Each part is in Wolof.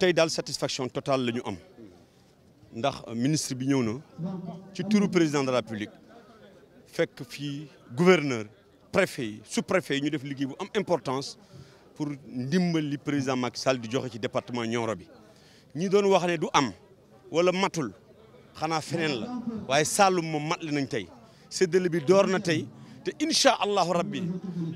tay dal satisfaction totale la am ndax ministre bi ñëw na ci turu président de la République fekk fi gouverneur préfet sous préfet ñu def liggéey bu am importance pour ndimbal li président Macky Sall di joxe ci département Nioro bi ñi doon wax ne du am wala matul xana fenen la waaye Saloum moom mat li nañ tey le bi door na tey te inshallah rabbi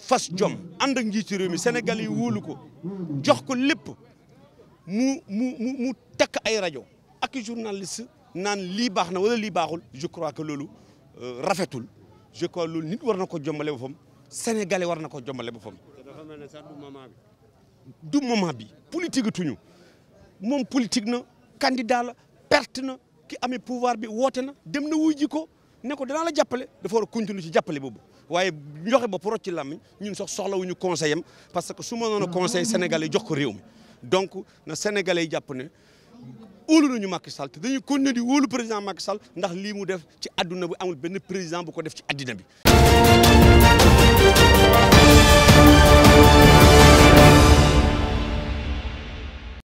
fas jom ànd ak njiitu réew mi Sénégal yi woolu ko jox ko lépp mu mu mu takk ay rajo ak journaliste naan lii baax na wala lii baaxul je crois que loolu euh, rafetul je crois loolu nit war na ko jombale boppam sénégalais war na ko jombale boppam. te dafa mel ne moment bi. du moment bi politique tuñu moom politique na candidat la perte na ki amee pouvoir bi woote na dem na wuy ji ko. ne ko dinaa la jàppale dafa war a ci jàppale boobu waaye joxe bopp rocc ci làmmiñ ñun sax soxlawuñu conseil am parce que su ma noonu conseil sénégalais jox ko réew mi donc na sénégalais yi jàpp ne wóolu nañu Macky Sall te dañuy continuer di wóolu président Macky sal ndax lii mu def ci àdduna bi amul benn président bu ko def ci àddina bi